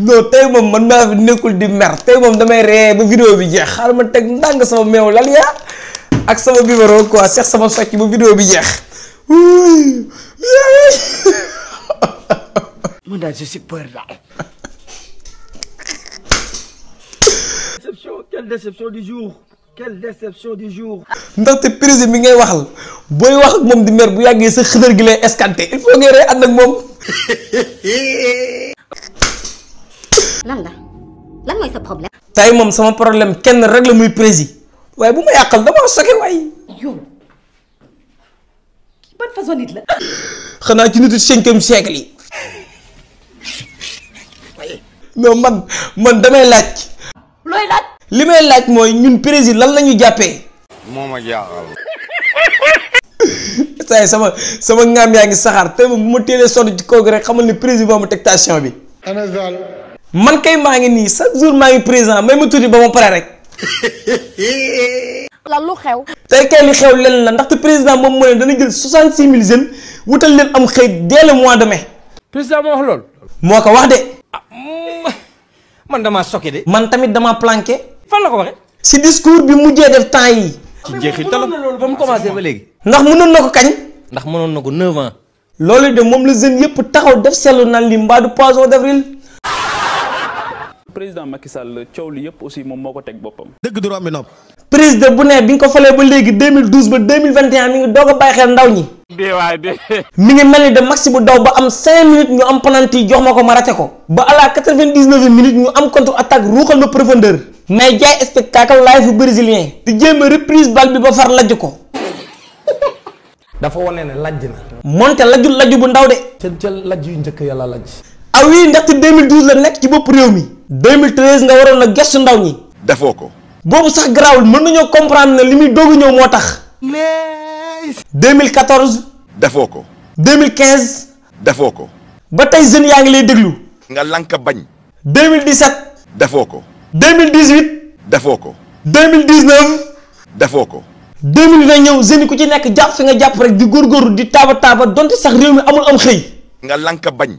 No tay ah, mom man ma fi nekul di mer tay mom damay ree bu vidéo bi jeex xal ma tek ndang sama meew ya ak sama biberon quoi seex sama socc bu vidéo bi jeex. man daal je suis peur là déception quelle déception du jour quelle déception du jour. ndaxte président bi ngay waxal booy wax ak moom di mer bu yàggee sa xëtër gi lay escanté il faut ngay ree ànd ak lan la lan mooy sa problème. tey moom sama problème kenn rek la muy prési waaye bu ma yàqal dama soke xanaa ci nitu cinquième siècle yi. non man man damay laaj. laaj. li may laaj mooy ñun prési lan la ñu jàppee. moo ma jaaxal. saa sama sama ngaam yaa ngi saxaar te bu ma teelee sonn ci kooku rek xamal ne prési moo ma teg bi. ana man kay ma ngi ni chaque jour ma ngi présent même ma tuuti ba mo paré rek. la lu xew. tay kay li xew len la ndax te président mom mo len dana jël 66000 jeunes wutal len am xey dès le mois de mai. président mo wax lol moko wax de. Ah, mm, man dama soké de. man tamit dama planqué. fan la ko waxee. ci discours bi mujjé def temps yi ci njeexitalam loolu bam commencé ba légui ndax mënon nako ko kañ. ndax mënon nako 9 ans. loolu de mom le jeune yépp taxaw def seetlu nan li mbaa du poisson d'avril. président Macky Sall coow li yëpp aussi moom moo ko teg boppam. dëgg du romb nopp. président bu ne bi nga ko falee ba léegi 2012 ba 2021 mi ngi doog bàyyi xel ndaw ñi. mi ngi mel ni de maxi bu daw ba am 5 minutes ñu am penalty jox ma ko ma rate ko. ba à la 99 minutes ñu am contre attaque ruuxal ma profondeur. may jaay spectacle live brésilien. di jéem a reprise bal bi ba far lajj ko. dafa wane ne lajj na. moonte lajjul lajj bu ndaw de. ca ca lajj yu njëkk yàlla lajj. aw ah yi ndaxte 2012 la nekk ci bopp réew mi 2013 nga waroon na gëstu ndaw ñi. dafoo ko. boobu sax garaawul mën nañoo comprendre ne li muy doog ñëw moo tax. mais. 2014. defoo ko. quinze defoo ko. ba tey jeunes yaa ngi lay déglu. nga lank bañ. 2017. defoo ko. 2018. defoo ko. 2019. defoo ko. 2020 ñëw jeunes yi ku ci nekk jàpp fi nga jàpp rek di góorgóorlu di taaba taaba donte sax réew mi amul am xëy. nga lank bañ.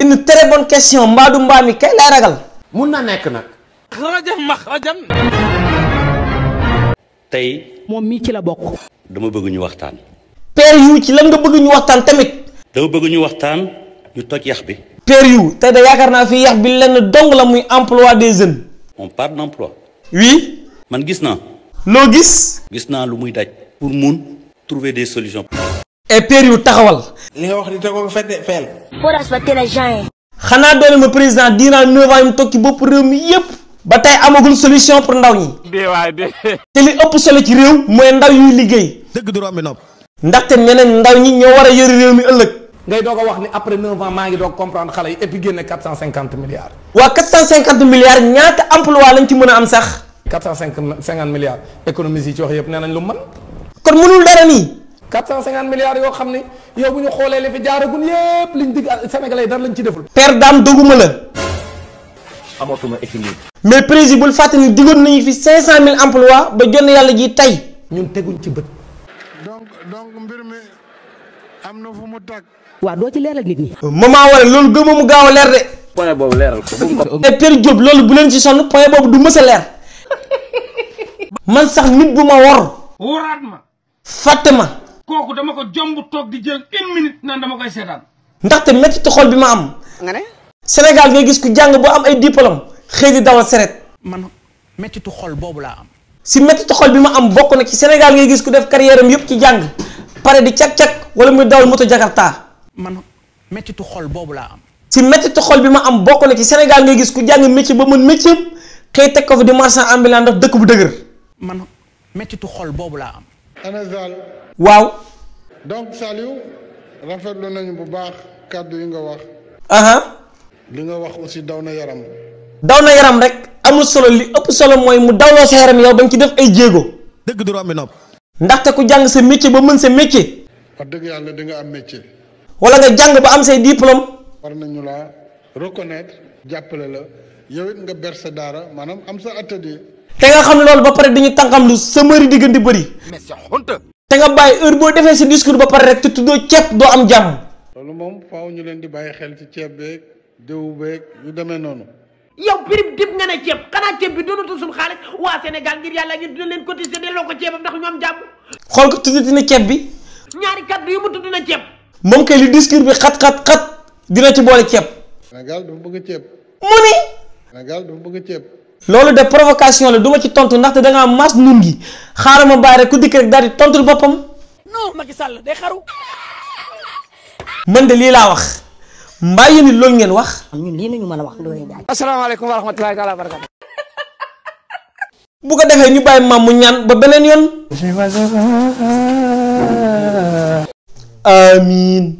une très bonne question mbaadu mbami kay lay ragal. mun na nekk nag. rajo maxrajan. tey. moom mii ci la bok dama bëgg ñu waxtaan. père yu ci lan nga bëgg ñu waxtaan tamit. dama bëgg ñu waxtaan ñu toj yax bi. père yu tay da yaakaar naa fi yax bi lenn dong la muy emploi des jeunes. on parle d'emploi. oui. man gis na lo gis. gis na lu muy daj. pour moun trouver des solutions. ay péer yu taxawal. li nga wax ni te ko fete feel. forage ba teel a jaay. yu mu toog ci bopp réew mi yépp ba tey te li ëpp solo ci réew mooy ndaw yuy liggéey. ndaxte ñeneen ndaw ñi ñoo war a yëri réew mi ëllëg. ngay doog a wax ni après maa ngi doog comprendre xale yi et puis génne 450 milliards. waa 450 milliards ñaata emploi lañ ci mën a am sax. 450 milliards économistes yi ci wax yëpp nee lu mën. kon mënul dara nii. 450 milliards yo xamni yow buñu xolé li fi jaaragun yépp liñ dig sénégalais dara lañ ci deful. père dam doguma la. amatuma équilibre. mais président bul fàttali digon nañ fi 500000 emplois ba jonne yalla ji tay ñun teguñ ci bëtt donc donc mbir mi amna fu mu tag. wa do ci leeral nit ñi. Euh, moment wala loolu gëmoo mu gaaw a leer de. point bobu leeral ko. mais père job loolu bu leen ci sonn point bobu du mësa a leer. man sax nit bu ma wor. wóoraat ma koku dama ko jombu tok di jël 1 minute nan dama koy te metti métti xol bi ma am. nga ne. Sénégal ngay gis ku jang bo am ay diplôme xëy di dawal seret. man méttitu xol bobu la am. si méttitu xol bi ma am bokku na ci Sénégal ngay gis ku def carrière am ci jang pare di cag-cag wala muy dawal moto Jakarta. man méttitu xol bobu la am. si méttitu xol bi ma am bokku na ci Sénégal ngay gis ku jang métier ba mën métier xey tek ko fi di marchand ambulant ndax dëkk bu dëgër. man méttitu xol bobu la am. Wow. Zal. salut. donc Saliou rafetlu nañu bu baax kaddu yi nga wax. li nga wax aussi dawna yaram. dawna yaram rek Amu solo li upp solo moy mu dawlo sa yaram yow bañ ci def ay djego deug du nop ndax ndaxte ku jang sa métier ba mën sa métier. wa deug yalla di nga am métier. wala nga jang ba am say diplôme. war nañu la reconnaître jappale la yow nga ber sa dara manam am sa atelier té nga xam lool ba paré dañu tankam lu samari di gën di bëri té nga bay heure bo défé ci discours ba paré rek tu tuddoo ciép do am jam. loolu mom faaw ñu leen di bay xel ci ciép beeg déw beeg yu démé nonu yow prime dip nga ne ciép xana ciép bi doonatu sun xaalis wa sénégal ngir yalla ngir dina leen cotiser delloo loko ciép ndax ñu am jàmm xol ko tudd dina ciép bi ñaari kaddu yu mu tuddu na ciép mom kay li discours bi xat xat xat dina ci boole ciép sénégal dafa bëgg ciép mu ni sénégal dafa bëgg ciép loolu de provocation la duma ci tontu ndaxte da nga mas nun gi xaaral ma rek ku dik rek dal di tontu bopam non Macky Sall day xaru. man de li la wax mbaa yéen loolu ngeen wax. ñun lii nañu wax do wax Ndoye assalamu alaykum wa rahmatullahi wa barakatuh bu ko defé ñu baye maam mu ñaan ba benen yoon. Amin.